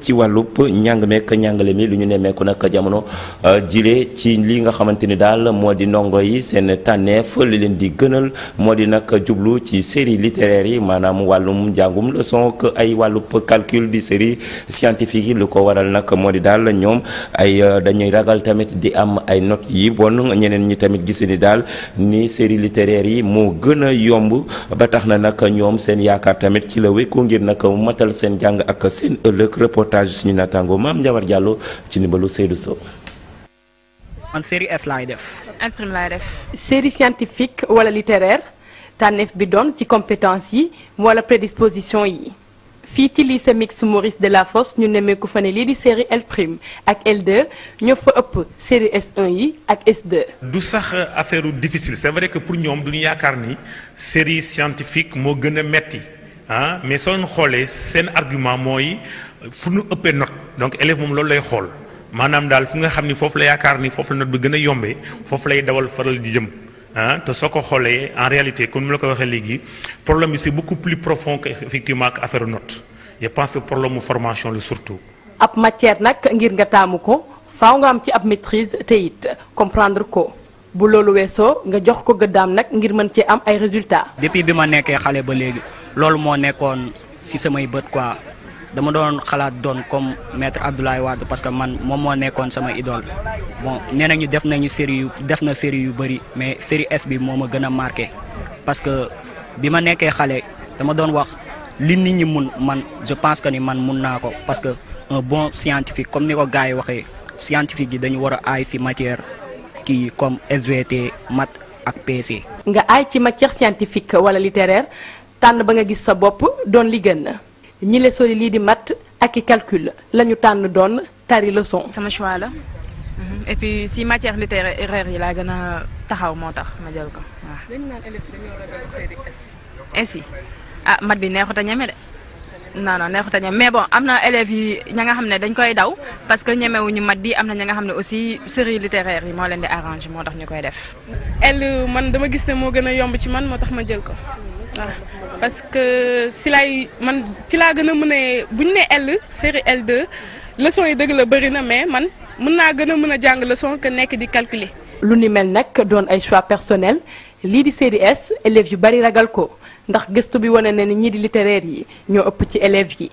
ci wàllub njàng meek njàngale mi lu ñu nemmeeku nag jamono euh, jile ci li nga xamante ni daal moo di ndongo yi seen tànneef li leen di gënal moo di nag jublu ci série littéraire yi maanaam wàllum njàngum leçon ak ay wàllub calcul di série scientifique yi lu ko waral nag moo di daal ñoom ay euh, dañuy ragal tamit di am ay not yi bon ñeneen ñi tamit gise ni daal ni série littéraire yi moo gën a yomb ba tax na nag ñoom seen yaakaar tamit ci la wékku ngir nag matal seen jàng ak seen reportage suñu naataango maam Njawar Diallo ci ndimbalu Seydou Sow. man série S laay def. ak prime laay def. série scientifique wala littéraire tànneef bi doon ci compétence yi wala prédisposition yi. fii ci lycée de la Delafosse ñu nemmeeku fa ne lii di série L ak L2 ñoo fa ëpp série s yi ak s du sax affaire difficile c'est vrai que pour ñoom du yaakaar ni série scientifique moo gën metti ah, mais soo leen xoolee seen argument mooy. fu nu ëppee note donc élève moom loolu lay xool maanaam daal fu nga xam ni foofu la yaakaar ni foofu la note bi gën a yombee foofu lay dawal faral di jëm ah te soo ko xoolee en réalité comme la ko waxee léegi problème bi c'est beaucoup plus profond que effectivement que affaire que problème mu formation la surtout. ab nag ngir nga taamu ko faaw nga ci ab maîtrise comprendre ko. bu loolu weesoo nga jox ko gëddaam nag ngir mën cee am ay résultats. depuis bi ma nekkee xale ba léegi loolu moo nekkoon ci samay bët quoi. dama doon xalaat doon comme maître Abdoulaye Wade parce que man moom moo nekkoon sama idole bon nee nañu def nañu série yu def na série yu bëri mais série S bi moom a gën a marqué parce que bi ma nekkee xale dama doon wax li nit ñi mun man je pense que ni man mun naa ko parce que un bon scientifique comme ni ko gars yi waxee scientifique yi dañu war a aay si matière kii comme SVT mat ak PC. nga aay ci matière scientifique wala littéraire tànn ba nga gis sa bopp doon li ñi le sori lii di mat ak i calcul la ñu tànn doon tari leçon. sama choix la mhm. si matière littéraire yi laa gën a taxaw moo tax ma jël ko waaw. dañu ah mat bi neexut a ñeme de. non non neexut a mais bon am na élèves yi ña nga xam ne dañ koy daw parce que ñemewuñu mat bi am na ña nga xam ne aussi série littéraire yi moo leen di arrangé moo tax ñu koy def. elle man dama gis ne moo gën a yomb ci man moo tax ma jël ko waaw parce que si laay man ci laa gën a mën a bu ñu nee elle série L2 leçon yi dëgg la bëri na mais man mën naa gën a mën a jàng leçon que nekk di calculer. lu ni mel nag doon ay choix personnel lii di CDS élèves yu bari ragal ko. ndax gëstu bi wane na ne ñii di littéraire yi ñoo ëpp ci élève yi